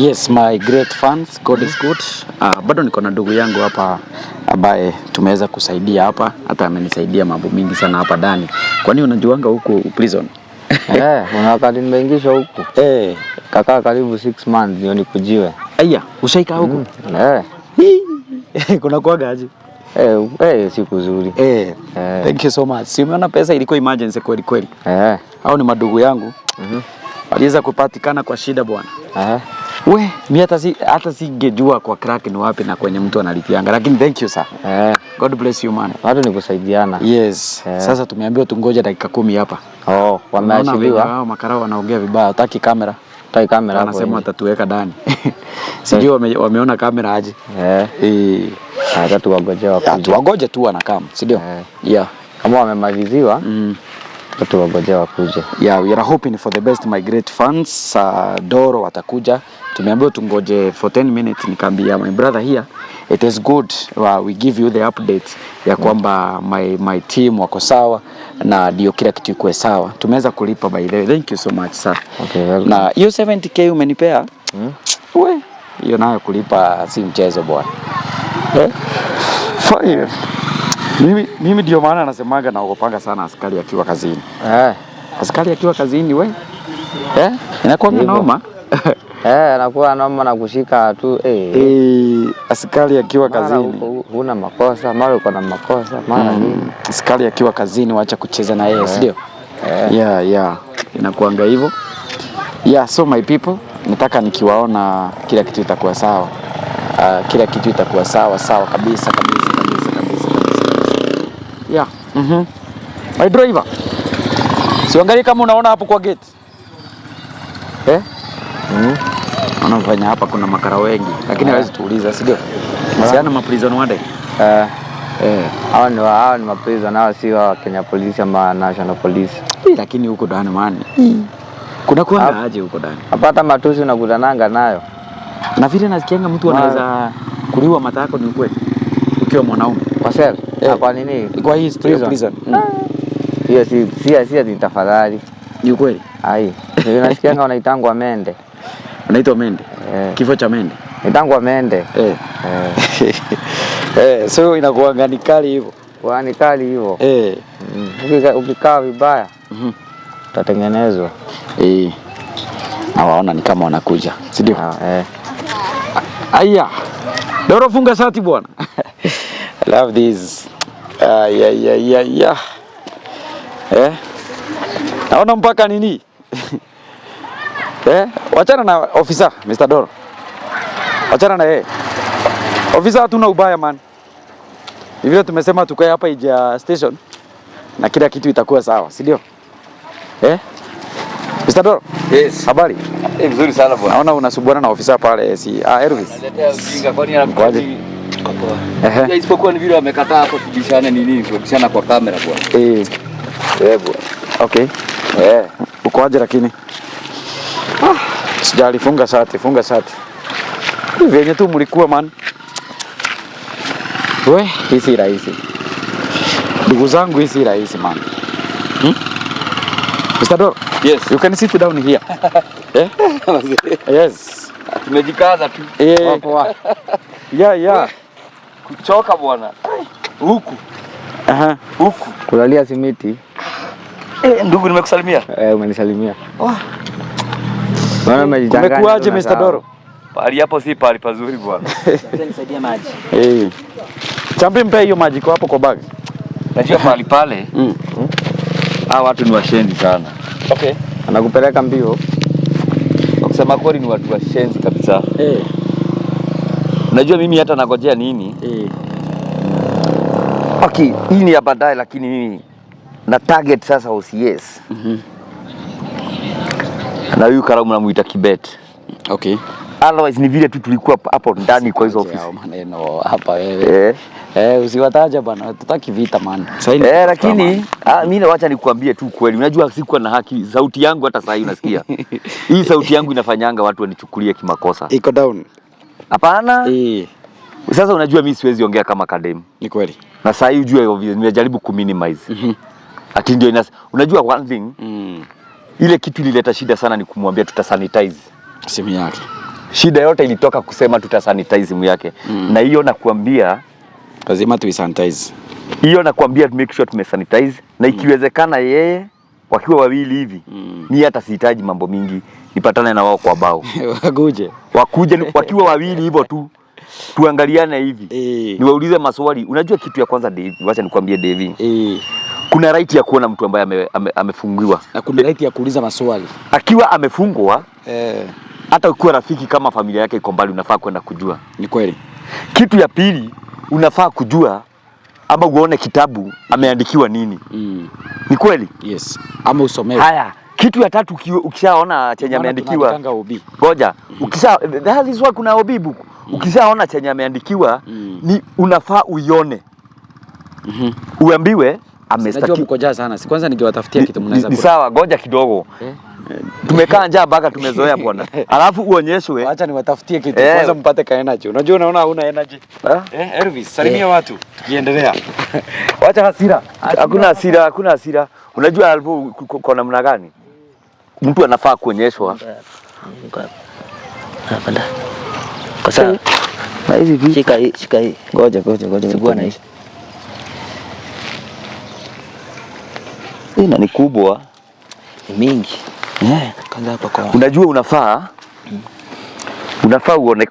Yes, my great fans, God is good. Uh, bado niko na ndugu yangu hapa ambaye tumeweza kusaidia hapa, hata amenisaidia mambo mingi sana hapa ndani. nini unajuanga huko prison? Eh, unawaka nimeingishwa huko. Eh, kaka karibu 6 months ndio nikujiwe. Aya, ushaika huko? Mm, Eh. Kuna kuaga aje? Eh, eh, siku nzuri. Eh. eh. Thank you so much. Si umeona pesa ilikuwa emergency kweli kweli. Eh. Hao ni madugu yangu. Mhm. Mm aliweza kupatikana kwa shida bwana. Aha. We, mi hata si hata singejua kwa crack ni wapi na kwenye mtu analipianga, lakini thank you sir. Eh. God bless you man. Bado ni kusaidiana. Yes. Eh. Sasa tumeambiwa tungoje dakika kumi hapa. Oh, wameachiliwa. Wao makara wanaongea vibaya, hataki kamera. Hataki kamera hapo. Anasema atatuweka ndani. Sijui wame, wameona kamera aje. Eh. Eh. Hata tuwagoje ah, wapo. Tuwagoje tu wanakam, si ndio? Eh. Yeah. Kama wamemaliziwa. Mm. Tuwangojea wakuje. Yeah, we are hoping for the best my great fans. Uh, Doro watakuja. Tumeambiwa tungoje for 10 minutes, nikaambia my brother here it is good uh, we give you the update ya kwamba my, my team wako sawa na ndio kila kitu ikuwe sawa. Tumeweza kulipa by the way. Thank you so much sir. Okay, well, na hiyo 70k umenipea hmm? We, hiyo nayo kulipa si mchezo bwana. Eh? Fine. Mimi mimi ndio maana anasemaga naogopanga sana askari akiwa kazini eh. Askari akiwa kazini we eh, inakuwa noma eh, anakuwa noma na kushika tu eh. Eh, askari akiwa kazini huna makosa, mara uko na makosa mara mm. nini mm. Askari akiwa kazini waacha kucheza na yeye eh. Sio eh. Yeah, yeah. Inakuanga hivyo yeah, so my people, nataka nikiwaona kila kitu itakuwa sawa. Uh, kila kitu itakuwa sawa sawa kabisa kabisa. Yeah. Mhm. Mm My driver. Siangalie kama unaona hapo kwa gate. Eh? Mhm. Anafanya hapa kuna makara wengi lakini hawezi tuuliza, si ndio? Msiana ma prison wande. Eh. Eh, hao ni hao ni ma prison hao si wa Kenya Police ama National Police. Lakini huko ndani mani. Mm. Kuna kwa aje huko ndani? Hapata matusi unakutananga nayo. Na vile nasikianga mtu anaweza kuliwa matako ni kweli ukiwa mwanaume kwa sel eh. yeah. Kwa nini kwa hii prison, eh, prison. Mm. Ah. Hiyo si si si ni tafadhali. Ni kweli? Ai. nasikia Nasikianga wanaitangwa amende unaitwa mende. Yeah. Eh. Kifo cha mende. Naitangwa amende Eh. yeah. yeah. Eh, so inakuanga ni kali hivyo. Kwa ni kali hivyo. Eh. yeah. Mm. Ukikaa vibaya. Mhm. Mm tatengenezwa Eh. yeah. Hawaona ni kama wanakuja, si ndio? Ah, eh. Aya. Doro funga sati bwana. I love this. Ah, yeah, yeah, yeah, yeah. Eh? Naona mpaka nini? Eh? Wachana na ofisa Mr. Doro. Wachana na yeye. Ofisa, hatuna ubaya man. Hivyo tumesema tukae hapa Ija station na kila kitu itakuwa sawa, si ndio? Eh? Mr. Doro. Yes. Habari? Eh, mzuri sana bwana. Naona unasubuana na ofisa pale si ah, Elvis. Naletea ujinga kwani anakuja Ehe. Isipokuwa ni vile wamekataa hapo tubishane nini tubishana kwa kamera bwana. Eh. eh. bwana. Okay. Eh. Uko aje lakini? Ah, sijali funga sati, funga sati. Venye tu mlikuwa man. We, hii si rahisi. Ndugu zangu hii si rahisi man. Hmm? Mr. Dor. Yes. You can sit down here. eh? Yes. Tumejikaza tu. Eh. Wapo wa yeah, yeah. Kuchoka bwana huku Aha. Huku kulalia simiti. Eh, ndugu nimekusalimia. Eh, umenisalimia. Oh. Bwana umejichanganya. Umekuaje Mr. Doro? Pali hapo si pali pazuri bwana. nisaidie maji. Eh. Champi mpe hiyo maji kwa hapo kwa bag. Najua pali pale. Mm. Ah, watu ni washenzi sana. Okay. Anakupeleka mbio. Kusema kweli ni watu washenzi kabisa. Eh. Unajua mimi hata nagojea nini eh. Okay, hii ni ya baadaye, lakini mimi na target sasa OCS mm -hmm. Na huyu Karamu namuita Kibet. Okay. Otherwise ni vile tu tulikuwa hapo ndani kwa hizo ofisi. Maneno hapa wewe. Eh. Eh, usiwataja bwana. tutaki vita man. Eh, lakini ah, mimi wacha nikuambie tu kweli. Unajua sikuwa na haki, sauti yangu hata sasa hivi unasikia. Hii sauti yangu inafanyanga watu wanichukulie kimakosa. Iko down. Hapana. Eh. Sasa unajua mimi siwezi ongea kama Kadem. Ni kweli. Na sasa hii ujue nimejaribu ku minimize. Mhm. Mm Ati ndio ina unajua one thing. Mhm. Ile kitu ilileta shida sana ni kumwambia tuta sanitize simu yake. Shida yote ilitoka kusema tuta sanitize simu yake. Mm. Na hiyo nakuambia lazima tu sanitize. Hiyo nakuambia make sure tumesanitize na mm. ikiwezekana yeye mm wakiwa wawili hivi mm. mi hata sihitaji mambo mingi, nipatane na wao kwa bao wakuje wakuje wakiwa wawili hivyo tu tuangaliane hivi e. niwaulize maswali. Unajua kitu ya kwanza Devi, wacha nikwambie Devi e. kuna right ya kuona mtu ambaye ame, ame, amefungiwa na kuna right ya kuuliza maswali akiwa amefungwa e. hata ukiwa rafiki kama familia yake iko mbali, unafaa kwenda kujua. Ni kweli. Kitu ya pili unafaa kujua ama uone kitabu ameandikiwa nini mm. Ni kweli yes, ama usomewe. Haya, kitu ya tatu ukishaona chenye ameandikiwa ngoja, Mm. ukisha that is why kuna OB book mm. Ukishaona chenye ameandikiwa mm. Ni unafaa uione Mhm. mm Uambiwe amestaki. Najua mko jaza sana, kwanza ningewatafutia kitu mnaweza. Ni sawa, ngoja kidogo eh tumekaa njaa mpaka tumezoea bwana, alafu uonyeshwe. Acha niwatafutie kitu eh, kwanza mpate ka energy. Unajua, unaona hauna energy eh, Elvis, salimia yeah, watu tukiendelea. Acha hasira, hakuna hasira, hakuna hasira. Unajua alipo kwa namna gani mtu anafaa kuonyeshwa kwa sababu na hizi vipi? Shika hii, shika hii. Ngoja, ngoja, ngoja. Sugua na hii. Hii ni kubwa. Ni mingi. Yeah, Unajua unafaa mm. Unafaa uone,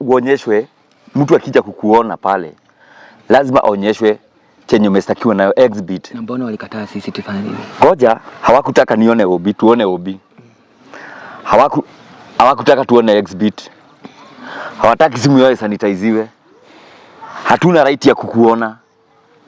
uonyeshwe mtu akija kukuona pale lazima aonyeshwe chenye umestakiwa nayo exhibit. Na mbona walikataa sisi tufanye nini? Ngoja, hawakutaka nione obi, tuone obi. Hawaku hawakutaka tuone exhibit. Hawataki simu yao sanitiziwe. Hatuna right ya kukuona.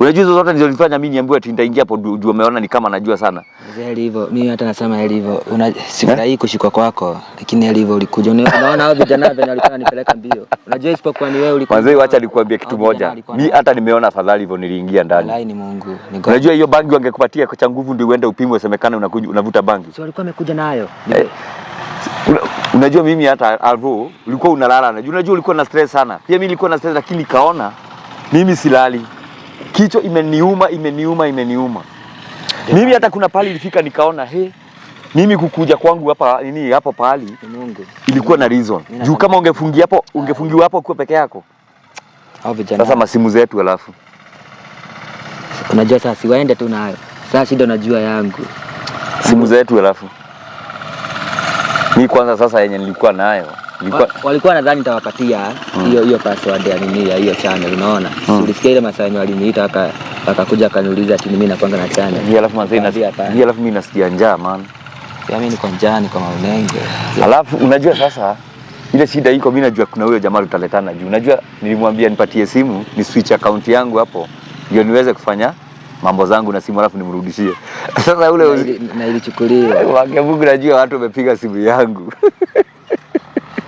Unajua hizo zote ndizo nilifanya mimi niambiwe ati nitaingia hapo juu umeona ni kama najua sana. Mzee hivyo, mimi hata nasema hivyo. Una sifurahi kushikwa kwako, lakini hivyo ulikuja. Unaona hao vijana wao walikuwa nipeleka mbio. Unajua isipokuwa ni wewe ulikuwa. Mzee acha nikuambie kitu moja. Mimi hata nimeona afadhali hivyo niliingia ndani. Wallahi ni Mungu. Unajua hiyo bangi wangekupatia kwa nguvu ndio uende upimwe semekana unakuja unavuta bangi. Sio alikuwa amekuja nayo. Eh, unajua mimi hata alvo ulikuwa unalala. Unajua ulikuwa na stress sana. Pia mimi nilikuwa na stress lakini kaona mimi silali kichwa imeniuma, imeniuma, imeniuma. Mimi hata kuna pahali ilifika nikaona he, mimi kukuja kwangu hapa nini hapo pahali ilikuwa na reason juu, kama ungefungi hapo ungefungiwa hapo kwa peke yako. Sasa masimu zetu alafu unajua sasa, siwaende tu nayo sasa, shida unajua yangu simu zetu alafu Mimi kwanza sasa yenye nilikuwa nayo walikuwa nadhani nitawapatia hmm. hiyo hiyo password ya nini ya hiyo channel unaona mm. ulisikia ile masani waliniita aka akakuja akaniuliza ati mimi nakwanga na channel Ni alafu mazee na ni alafu mimi nasikia njaa man ya mimi niko njaa niko maunenge alafu unajua sasa ile shida iko mimi najua kuna huyo jamaa tutaletana juu unajua nilimwambia nipatie simu ni switch account yangu hapo ndio niweze kufanya mambo zangu na simu alafu nimrudishie sasa ule na ilichukuliwa wake Mungu najua watu wamepiga simu yangu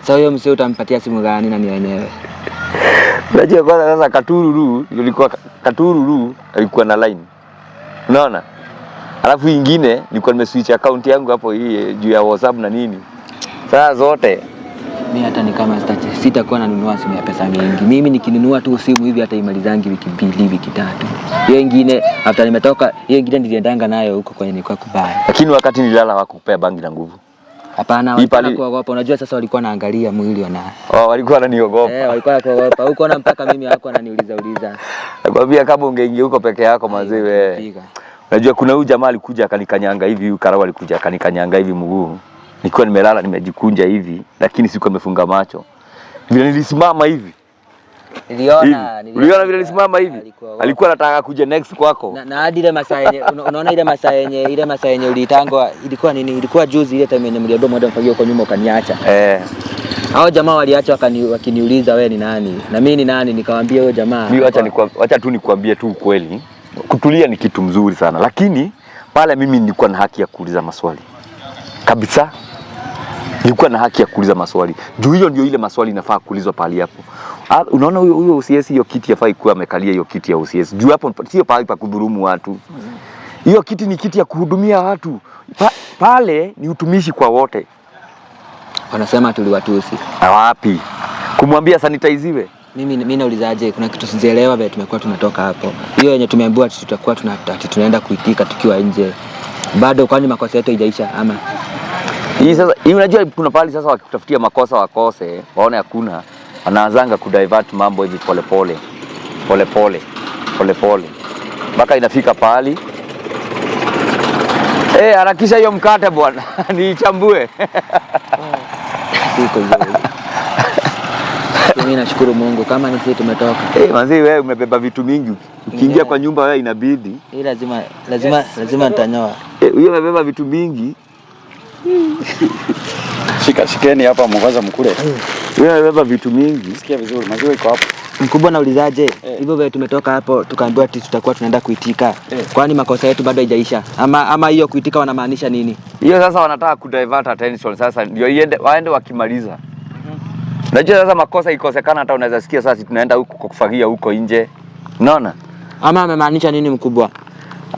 Sasa huyo mzee utampatia simu gani na ni wenyewe? Unajua kwanza sasa Katururu ilikuwa Katururu alikuwa na line. Unaona? Alafu ingine nilikuwa nimeswitch account yangu hapo hii eh, juu ya WhatsApp na nini. Sasa zote mimi hata ni kama sitache sitakuwa nanunua simu ya pesa mingi. Mimi nikinunua tu simu hivi hata imalizangi wiki mbili, wiki tatu. Hiyo ingine after nimetoka, hiyo ingine niliendanga nayo huko kwenye nilikuwa kubaya. Lakini wakati nilala wakupea bangi na nguvu. Hapana, wapo. Unajua sasa walikuwa naangalia mwili wana. Oh, walikuwa wananiogopa. Eh, walikuwa wanakuogopa. Huko na mpaka mimi hapo ananiuliza uliza. Nakwambia kama ungeingia huko peke yako eh, mzee wewe. Unajua kuna huyu jamaa alikuja akanikanyanga hivi, huyu karau alikuja akanikanyanga hivi mguu. Nikiwa nimelala nimejikunja hivi, lakini sikuwa nimefunga macho. Vile nilisimama hivi Niliona niliona vile nisimama hivi, alikuwa anataka kuja next kwako na, hadi ile masaa yenye unaona ile masaa yenye ile masaa yenye ulitangwa ilikuwa nini? Ilikuwa juzi ile time yenye mliodomo hadi mfagia kwa nyuma ukaniacha eh. Hao jamaa waliacha wakani, wakiniuliza wewe ni nani na mimi ni nani, nikawaambia huyo jamaa mimi, acha nikuwa, acha tu nikwambie tu ukweli, kutulia ni kitu mzuri sana, lakini pale mimi nilikuwa na haki ya kuuliza maswali kabisa nilikuwa na haki ya kuuliza maswali juu hiyo ndio ile maswali inafaa kuulizwa pahali hapo. Ah, unaona, huyo huyo OCS hiyo kiti yafai kuwa amekalia hiyo kiti ya OCS juu hapo, sio pahali pa kudhulumu watu. Hiyo kiti ni kiti ya kuhudumia watu pa, pale ni utumishi kwa wote. Wanasema tuliwatusi wapi? Kumwambia sanitaiziwe mimi mimi naulizaje? Kuna kitu sijaelewa vile tumekuwa tunatoka hapo. Hiyo yenye tumeambiwa tutakuwa tunaenda kuitika tukiwa nje, bado kwani makosa yetu haijaisha ama hii sasa, hii unajua kuna pale sasa wakitafutia makosa wakose, waone hakuna, ku divert mambo hivi polepole polepole polepole mpaka inafika Eh, Hey, harakisha hiyo mkate bwana, niichambue. Mimi nashukuru Mungu kama ni sisi tumetoka. Eh, manzi wewe umebeba vitu mingi. Ukiingia kwa nyumba wewe inabidi. Hii lazima lazima lazima nitanyoa. Eh, huyo umebeba vitu mingi. Shika shikeni hapa mwanza mkule. Eh. Wewe beba vitu mingi. Sikia vizuri, maziwa iko hapo. Mkubwa naulizaje? Eh. Hivyo vile tumetoka hapo tukaambiwa ati tutakuwa tunaenda kuitika. Eh. Kwani makosa yetu bado haijaisha? Ama ama hiyo kuitika wanamaanisha nini? Hiyo sasa wanataka ku divert attention sasa ndio iende waende wakimaliza. Najua sasa makosa ikosekana hata unaweza sikia sasa tunaenda huko kwa kufagia huko nje. Unaona? Ama amemaanisha nini mkubwa?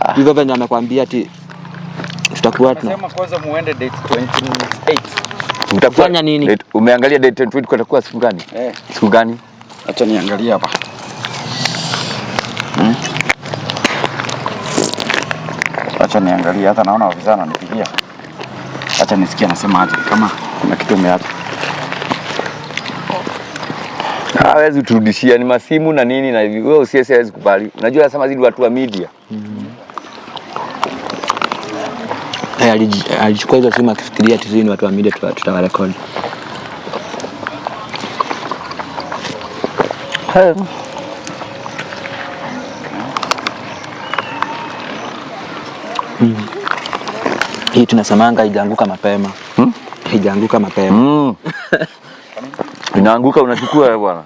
Ah. Hivyo vile ndio amekwambia ati tutakuwa tuna tunasema kwanza muende date 28. Mtafanya nini? umeangalia date 28 kutakuwa siku gani? Eh. Siku gani? Acha niangalie hapa. Hmm. Acha niangalie hata naona wavizana wananipigia. Acha nisikie anasema aje kama kuna kitu umeacha. Hawezi turudishia ni masimu na nini na hivi. Wewe hawezi kubali. Unajua sasa mazidi watu wa media. Mm -hmm alichukua hizo simu akifikiria tisini watu wa media tutawarekodi. Hey. Mm. Hii tunasemanga ijaanguka mapema hmm? Ijaanguka mapema mm. Inaanguka unachukua bwana.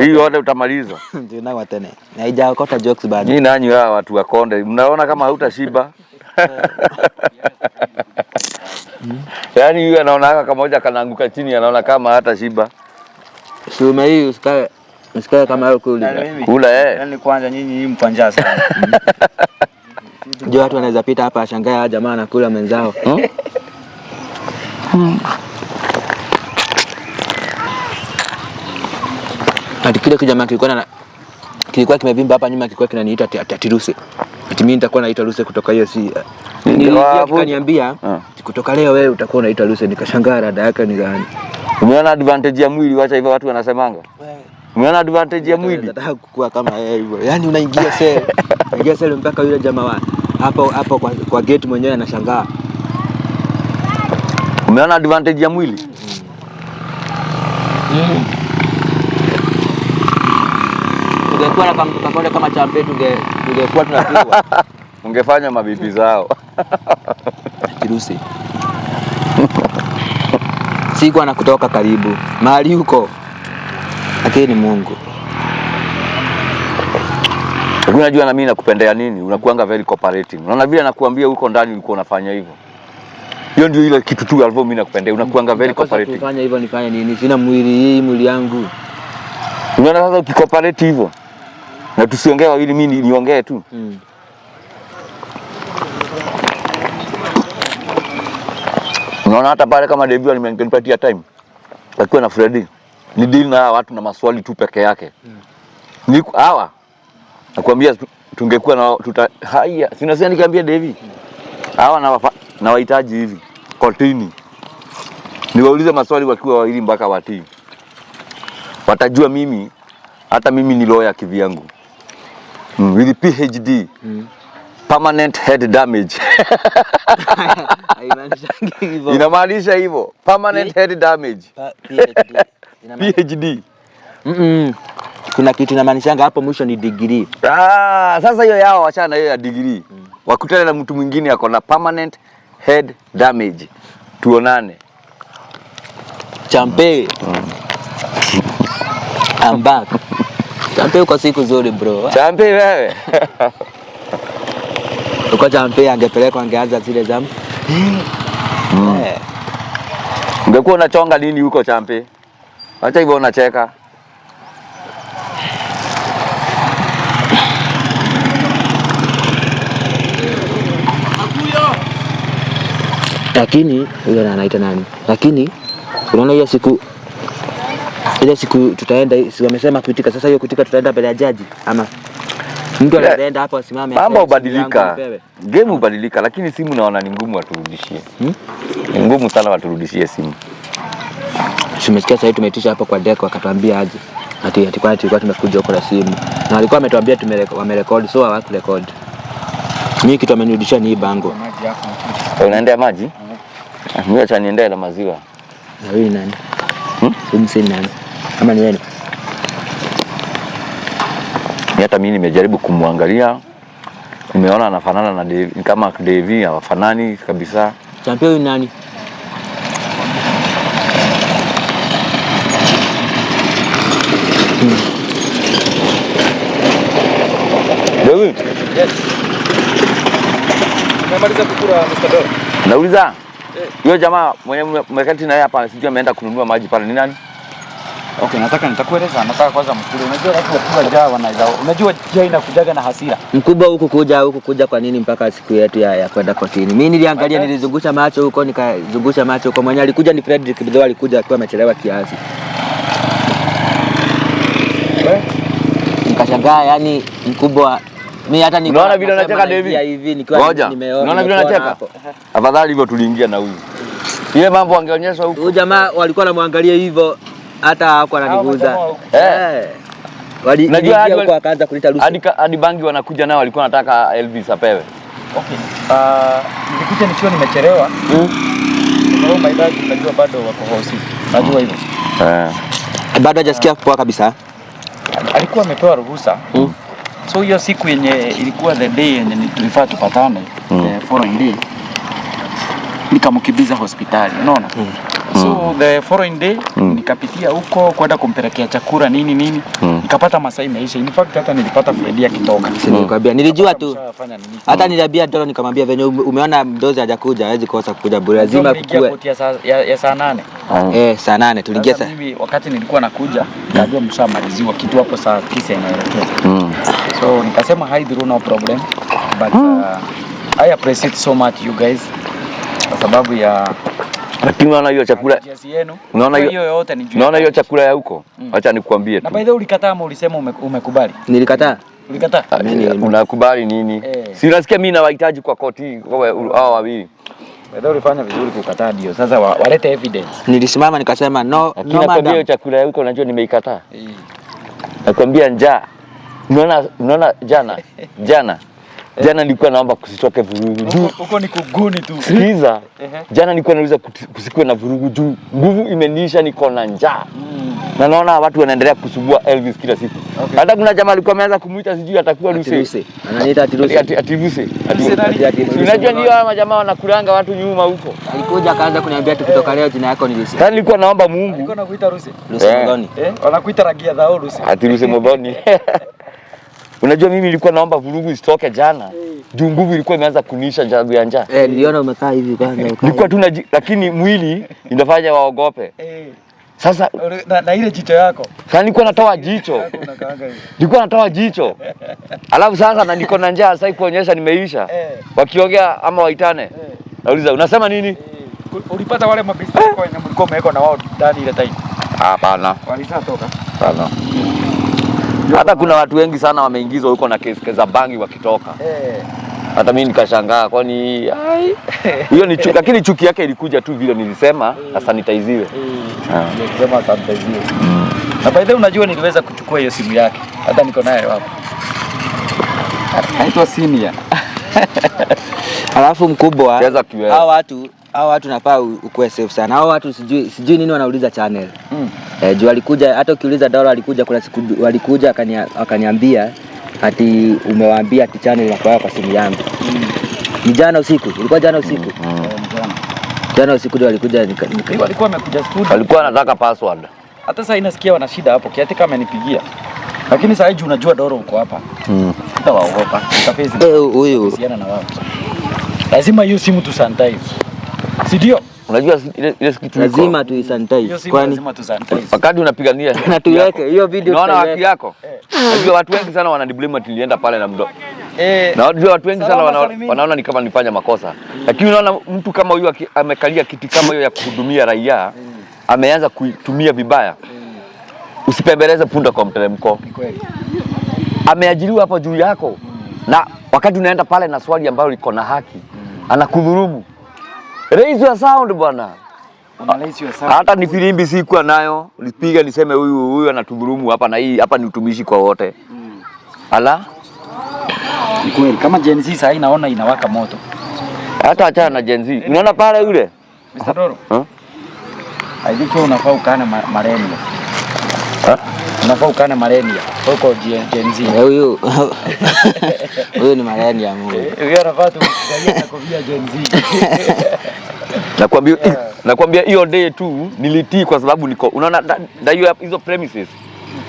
Hii yote utamaliza. Ndio na tena. Na ijaokota jokes bado. Ninyi nanyi hawa watu wa Konde mnaona kama hautashiba Yaani huyu anaona kamoja kanaanguka chini, anaona kama hata shiba. Sulume hii usikae usikae kama kula eh. Yaani kwanza nyinyi mpo mpanja sana. Ndio watu wanaweza pita hapa ashangaa jamaa anakula mwenzao. Hmm? Hmm? Ati kile kijamaa kilikuwa na kilikuwa kimevimba hapa nyuma, kilikuwa kinaniita tatiruse. Ati mimi nitakuwa naita ruse kutoka hiyo, si eh, niliambia ah. kutoka leo wewe utakuwa unaita ruse. Nikashangaa rada yake ni gani? Umeona advantage ya mwili, wacha hivyo watu wanasemanga. Umeona advantage ya mwili, nataka kukua kama yeye hivyo. Yani unaingia sel, unaingia sel mpaka yule jamaa hapo hapo kwa, kwa gate mwenyewe anashangaa. Umeona advantage ya mwili mm-hmm. mm. Mm. Tungekuwa na kakonde kama chambe tunge tungekuwa tunapigwa. Ungefanya mabibi zao kirusi sikuwa na kutoka karibu mahali huko, lakini Mungu unajua, na mimi nakupendea nini, unakuanga very cooperating. Unaona vile nakuambia huko ndani ulikuwa unafanya hivyo, hiyo ndio ile kitu tu alivyo. Mimi nakupendea, unakuanga very cooperating. Unafanya hivyo nifanye nini? Sina mwili hii mwili yangu, unaona sasa ukikoperate hivyo na tusiongee wawili, mimi niongee tu mm. Unaona, hata pale kama Debi alinipatia time akiwa na Fredi, ni deal na watu na maswali tu peke yake mm. ni hawa nakwambia, tungekuwa na tuta haya, sinasema nikiambia Devi hawa mm. na wahitaji hivi kotini, niwaulize maswali wakiwa wawili mpaka watii, watajua mimi hata mimi ni loya kivyangu mm. with PhD mm. permanent head damage inamaanisha hivyo permanent head damage PhD mm -mm. Kuna kitu inamaanishanga hapo mwisho ni degree. Ah, sasa hiyo yao wachana na hiyo ya degree mm. Wakutane na mtu mwingine ako na permanent head damage, tuonane champe mm. I'm back Champe uko siku nzuri bro. Champe wewe. Uko Champe angepelekwa angeanza zile zamu. Mm. Yeah. Ungekuwa unachonga nini huko Champe? Acha hivyo unacheka. Lakini huyo anaita nani? Lakini unaona hiyo siku hiyo siku tutaenda, si wamesema kuitika. Sasa hiyo kuitika tutaenda mbele ya jaji ama mtu anaenda hapo asimame. Mambo hubadilika, game hubadilika, lakini simu naona ni ngumu waturudishie, hmm? Ni ngumu sana waturudishie simu. Tumesikia sasa hivi tumeitisha hapo kwa deck, akatuambia aje ati ati kwani tulikuwa tumekuja huko na simu na alikuwa ametuambia wamerekodi, so record. Mimi kitu amenirudishia ni hii bango. Eh, unaendea maji? Hmm. Mimi acha niendee na maziwa. Na wewe nani? Hmm? Mimi si nani ama ni yenu? Hata mimi nimejaribu kumwangalia, nimeona anafanana na Devi, kama Devi hawafanani kabisa. Champion ni nani? Yes. Mr. Nauliza. Eh. Yo jamaa mwenye mekati na hapa sijui ameenda kununua maji pale ni nani? Okay, nataka nitakueleza, nataka kwanza mkubwa. Unajua watu wakiwa njaa wanaweza. Unajua njaa inakujaga na hasira. Mkubwa huku kuja huku kuja kwa nini mpaka siku yetu ya, ya kwenda kotini? Mimi niliangalia Nilizungusha macho huko nikazungusha macho kwa mwenye alikuja ni Frederick Bidho alikuja akiwa amechelewa kiasi. Okay. Nikashangaa yani mkubwa mimi hata niko. Unaona vile anacheka David. Hivi nikiwa nimeona. Unaona vile anacheka? Afadhali hivyo tuliingia na huyu. Ile mambo angeonyesha huko. Huyu jamaa walikuwa wanamwangalia hivyo hata hapo ananiguza eh, eh. Najua akaanza kuleta rushwa hadi hadi bangi wanakuja nao, walikuwa wanataka Elvis apewe. Okay. Uh, ah, nikikuja nikiwa nimechelewa maidadi, hmm? najua bado wako house, najua hivyo Eh. bado hajasikia ah. poa kabisa. Eh? Alikuwa amepewa ruhusa mm. So hiyo siku yenye ilikuwa the day yenye tulifaa tupatane, mm. the eh, following day Nikamkibiza hospitali, unaona mm. Mm. so the following day mm. nikapitia huko kwenda kumpelekea chakula nini nini mm. nikapata Masai maisha. In fact hata nilipata Freddy kitoka mm. nilijua tu hata niliambia Doro nikamwambia venye umeona mdozi hajakuja hawezi kosa kuja bure, lazima kukue ya saa nane mm. eh, saa nane tuliingia saa mimi wakati nilikuwa nakuja nikajua mshamaliziwa kitu hapo saa 9 inaelekea mm. so nikasema hi there no problem but mm. uh, I appreciate so much you guys kwa sababu ya lakini unaona hiyo chakula. Unaona hiyo yote ni juu. Unaona hiyo chakula ya huko? Mm. Acha nikuambie tu. Na by the way ulikataa ama ulisema umekubali? Nilikataa. Ulikataa? Ah, mimi Unakubali nini? Eh. Si unasikia mimi nawahitaji kwa koti hao wawili. By the way ulifanya vizuri kukataa ndio. Sasa walete evidence. Nilisimama nikasema no, no madam. Hiyo chakula ya huko unajua nimeikataa. Eh. Nakwambia njaa. Unaona unaona jana jana Eh. Jana nilikuwa naomba kusitoke vurugu juu. Huko ni kuguni tu. Sikiza. Jana nilikuwa nauliza kusikue na vurugu juu. Nguvu imeniisha, niko na njaa. Mm. Na naona watu wanaendelea kusubua Elvis kila siku. Hata kuna jamaa alikuwa ameanza kumuita sijui atakuwa Ruse. Ananiita Ati Atiluse. Atiluse. Unajua ndio hawa jamaa wanakulanga watu nyuma huko. Alikuja akaanza kuniambia tu kutoka leo jina yako ni Ruse. Sasa yaani nilikuwa naomba Mungu. Alikuwa anakuita Ruse. Eh. Ruse Mboni. Eh? Wanakuita Ragia Dhao Luse. Atiluse Mboni. Unajua mimi nilikuwa naomba vurugu isitoke jana juu eh. nguvu ilikuwa imeanza kunisha njaa ya njaa. Eh, niliona umekaa hivi kwanza. Nilikuwa tu lakini mwili inafanya waogope. Eh. Sasa na, na ile jicho yako. Sasa nilikuwa natoa jicho. Nilikuwa natoa jicho. Alafu sasa na niko na njaa sasa kuonyesha nimeisha. Eh. Wakiongea ama waitane. Eh. Nauliza unasema nini? Eh. Ulipata wale mabisi wako na eh. mlikuwa umeweka na wao ndani ile time. Hapana. Walishatoka. Hapana. Hata kuna watu wengi sana wameingizwa huko na kesi za bangi wakitoka eh. hata mimi nikashangaa, kwani hiyo ni chuki, lakini chuki yake ilikuja tu vile nilisema mm. na sanitiziwe. Mm. Ah. Mm. Na by the way, unajua niliweza kuchukua hiyo simu yake, hata niko naye hapo, haitwa senior alafu mkubwa hawa watu hao watu nafaa ukuwe safe sana. Hao watu sijui sijui nini wanauliza channel mm. Eh, juu alikuja hata ukiuliza dola alikuja kuna siku walikuja akaniambia ati umewaambia ati channel inakuwa kwa simu yangu mm. Ni jana usiku, ilikuwa jana usiku mm. Mm. Eh, jana usiku ndio alikuja nika, nika. Walikuwa wamekuja studio. Walikuwa wanataka password. Hata sasa inasikia wana shida hapo kiati kama nipigia. Lakini sasa hivi unajua Doro uko hapa. Mm. Sitawaogopa. Nitapezi. Eh, huyu. Lazima hiyo simu tu sanitize si ndio? Unajua ile kitu lazima tuisanitize, kwani wakati unapigania na tuiweke hiyo video. naona haki yako. Unajua watu wengi sana wananiblame tulienda pale na mdo Eh, na watu wengi sana wanaona ni kama nifanya makosa Lakini unaona mtu kama huyu amekalia kiti kama hiyo ya kuhudumia raia Ameanza kuitumia vibaya Usipembeleze punda kwa mteremko, ameajiriwa hapo juu yako Na wakati unaenda pale na swali ambayo liko na haki mm. Anakudhulumu Raise your sound bwana. Hata ni filimbi sikuwa nayo, nipiga niseme huyu huyu anatugurumu hapa na hii hapa ni utumishi kwa wote. Mm. Ala. Ni kweli kama Gen Z sasa inaona inawaka moto. Hata achana na Gen Z. Unaona pale yule? Mr. Doro. Eh? Huh? Unafaa ukane marembo. Unafaa ukana malenia. Huko Gen Z. Huyu huyu ni malenia mmoja. Eh, huyu anafaa tu kuangalia kofia Gen Z. Nakwambia nakwambia hiyo day tu nilitii kwa sababu niko unaona da hiyo hizo premises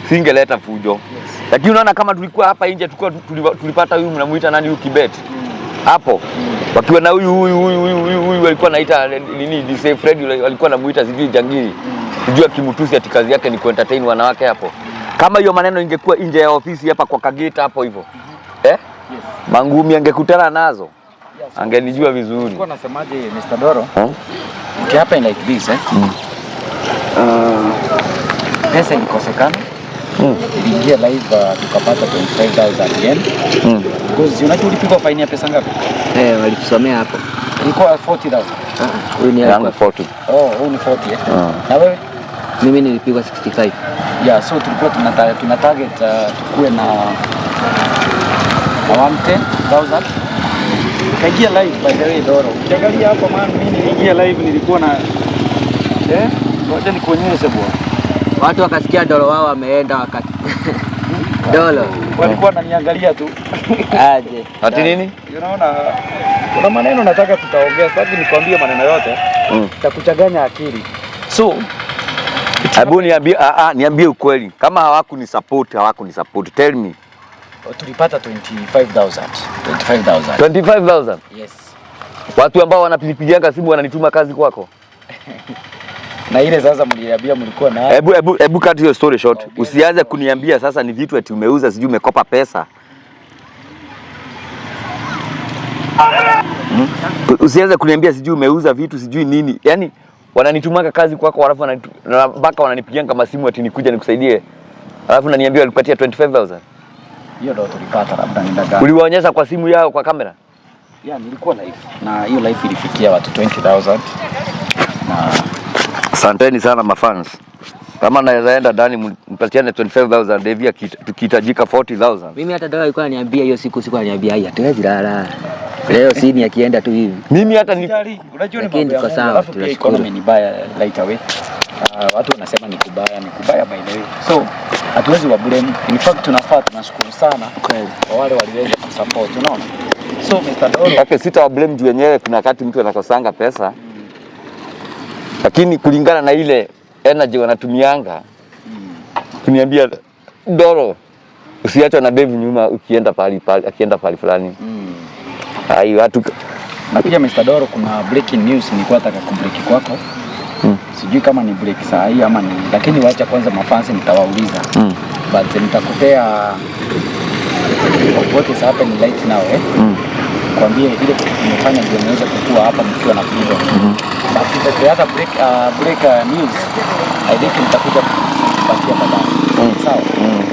singeleta fujo. Yes. Lakini unaona kama tulikuwa hapa nje tulikuwa tulipata huyu mnamuita nani huyu Kibet. Mm. Hapo Mm. wakiwa na huyu huyu huyu huyu huyu alikuwa anaita eh, nini Fred alikuwa anamuita sijui Jangiri. Mm. Jua Kimutusi ati kazi yake ni kuentertain wanawake hapo. Kama hiyo maneno ingekuwa nje ya ofisi hapa kwa Kagita hapo hivyo mm-hmm. eh? Yes. Mangumi angekutana nazo yes, angenijua vizuri. Kwa nasemaje Mr. Doro? Huh? Okay, happen like this eh? Mm. Uh, pesa ilikosekana Mm. Ingia live uh, tukapata 25000 yen. Mm. Because unajua ulipigwa faini ya pesa ngapi? Eh, walitusomea hapo. Ilikuwa 40000 yangu 40. Oh, huu ni 40 eh? Ah. Na wewe? Mimi nilipigwa 65. Yeah, so tulikuwa tunata, tuna target uh, tukue na 110,000. Kaingia live by the way Doro. Kiangalia hapo man, mimi niingia live nilikuwa na eh, ngoja nikuonyeshe bwana. Watu wakasikia Doro wao wameenda wakati hmm? Doro walikuwa wananiangalia tu. Aje. Hati nini? Unaona kuna maneno nataka tutaongea, sitaki nikwambie maneno yote mm. takuchanganya akili so Abu niambie, a ah, a ah, niambie ukweli. Kama hawaku ni support, hawaku ni support. Tell me. Oh, tulipata 25000. 25000. 25000? Yes. Watu ambao wanapilipigianga simu wananituma kazi kwako. Na ile sasa mliambia mlikuwa na. Hebu hebu hebu cut your story short. Usianze kuniambia sasa ni vitu ati umeuza sijui umekopa pesa. hmm? Usianze kuniambia sijui umeuza vitu sijui nini, yaani wananitumaka kazi kwako, halafu mpaka wananipigia kama simu ati nikuja nikusaidie, alafu naniambia walikupatia 25000 hiyo ndio tulipata. Labda ni dagaa uliwaonyesha kwa simu yao kwa kamera? Yeah, nilikuwa live na hiyo live ilifikia watu 20000 na asanteni sana mafans. Kama naweza enda ndani mpatiane 25000 devia tukihitajika 40000. Mimi hata dagaa ilikuwa ananiambia hiyo siku siku ananiambia haya hatuwezi lala. Leo sini akienda tu hivi. Mimi hata ni unajua ni mambo ya sawa, tunashukuru ni baya right away. Uh, watu wanasema ni kubaya, ni kubaya by the way. So hatuwezi wa blame. In fact tunafaa tunashukuru sana kwa wale waliweza kusupport, unaona? So Mr. Doro, hata sita wa blame juu wenyewe kuna wakati mtu anakosanga pesa. Mm. Lakini kulingana na ile energy wanatumianga. Mm. Kuniambia Doro usiachwe na bevu nyuma ukienda pali pali akienda pali fulani. Mm. Hayo watu nakuja Mr. Doro, kuna breaking news nilikuwa nataka kubreak kwako. Mm. Sijui kama ni break saa hii ama ni lakini wacha kwanza mafansi nitawauliza. Mm. But nitakupea what is happening right now eh. Mm. Kwambie ile kitu kimefanya ndio niweze kukua hapa nikiwa na freedom. Mm. But if there are break uh, break uh, news I think nitakuja kupatia baadaye. Mm. Sawa. Mm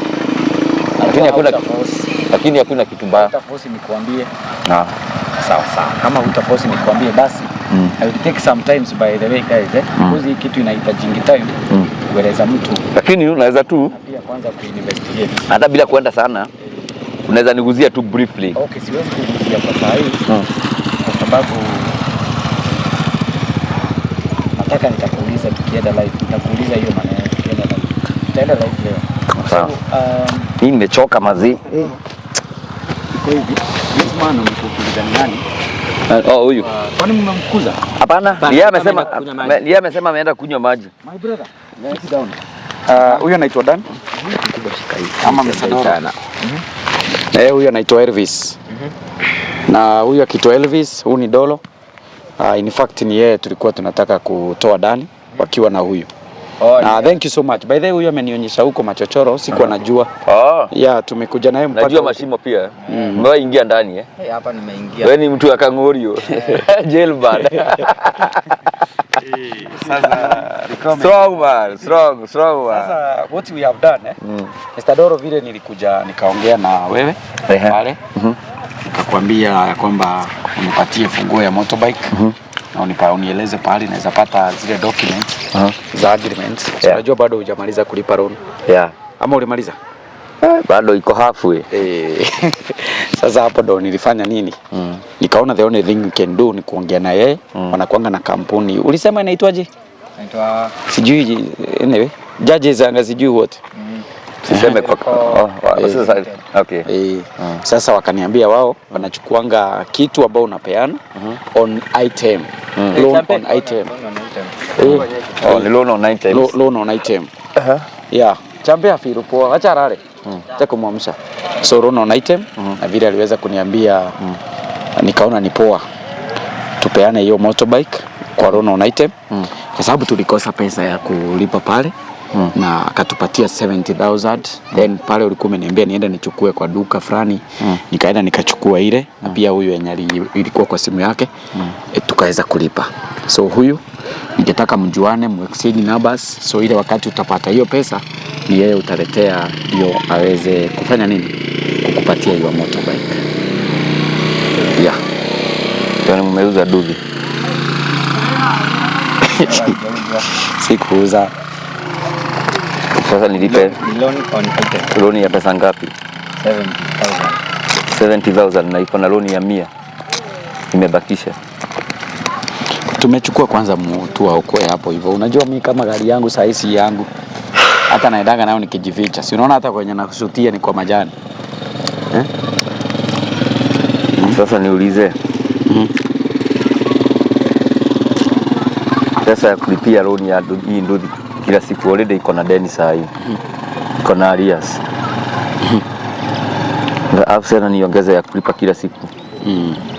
lakini hakuna lakini hakuna kitu mbaya. Utaforce nikwambie. Ah. Sawa sawa. Kama utaforce nikwambie basi. Mm. I will take some times by the way guys eh. Mm. Kuzi kitu inahitaji time. Mm. Kueleza mtu. Lakini unaweza tu pia kwanza kuinvestigate. Hata bila kuenda sana. Unaweza niguzia tu briefly. Okay, siwezi kuguzia kwa saa hii. Mm. Kwa sababu nataka nitakuuliza tukienda live. Nitakuuliza hiyo maneno tukienda live. Tutaenda live leo. Sawa. Mimi um, nimechoka mazi. Eh, uh, oh, huyu. Uh, Hapana, yeye amesema yeye amesema ameenda kunywa maji. My brother, down. Uh, huyu anaitwa Dan. Ama mm-hmm. Eh, huyu anaitwa Elvis. Mm-hmm. Na huyu akitwa Elvis, huyu ni Dolo. Uh, in fact ni yeye tulikuwa tunataka kutoa Dani wakiwa na huyu Oh, ah, yeah. Thank you so much. By the way, huyo amenionyesha huko machochoro, siku uh ah. -huh. anajua. Oh. Yeah, tumekuja naye mpaka. Najua mashimo pia. Mm. Mbona ingia ndani eh. Hey, eh, hapa nimeingia. Wewe ni mtu wa kangorio. Jail bird. Eh, sasa ah. strong man, strong, strong man. Sasa what we have done eh. Mm. Mr. Doro vile nilikuja nikaongea na wewe pale. Mhm. Mm nikakwambia kwamba unipatie funguo ya motorbike. Mhm. Mm na unipa, unieleze pahali naweza pata zile document uh -huh. za agreement. yeah. Unajua bado hujamaliza kulipa loan yeah. Ama ulimaliza? Eh, bado iko hafu eh. Sasa hapo ndo nilifanya nini? mm. Nikaona the only thing you can do ni kuongea na yeye mm. Wanakuanga na kampuni ulisema inaitwaje? Inaitwa sijui anyway judges anga sijui what. mm. Siseme kwa oh, eh. Sasa okay. Eh. mm. Sasa wakaniambia wao wanachukuanga kitu ambao unapeana mm -hmm. on item Mm. Hmm. loan on item. Eh. Oh, So loan on item hmm. na vile aliweza kuniambia hmm. nikaona ni poa. Tupeane hiyo motorbike kwa loan on item. Kwa sababu tulikosa pesa ya kulipa pale. Hmm. na akatupatia 70000 hmm. then pale ulikuwa umeniambia nienda nichukue kwa duka fulani hmm. nikaenda nikachukua ile hmm. na pia huyu enyali ilikuwa kwa simu yake e, tukaweza kulipa so huyu ningetaka mjuane, mu exchange numbers, so ile wakati utapata hiyo pesa ni yeye utaletea hiyo aweze kufanya nini, kukupatia hiyo motorbike yeah. Ndio mmeuza dubi sikuuza sasa nilipe loan on okay. Loan ya pesa ngapi? 70,000. 70,000 na iko na loan ya mia imebakisha. Tumechukua kwanza mtu aokoe hapo hivyo. Unajua mimi kama gari yangu saisi yangu hata naendanga nayo nikijificha, si unaona hata kwenye nakushutia ni kwa majani eh? Mm. Sasa niulize mm Pesa ya kulipia loan ya hii nduthi kila siku already iko na deni saa hii iko na Arias hmm. afsena niongeza ya kulipa kila siku mm.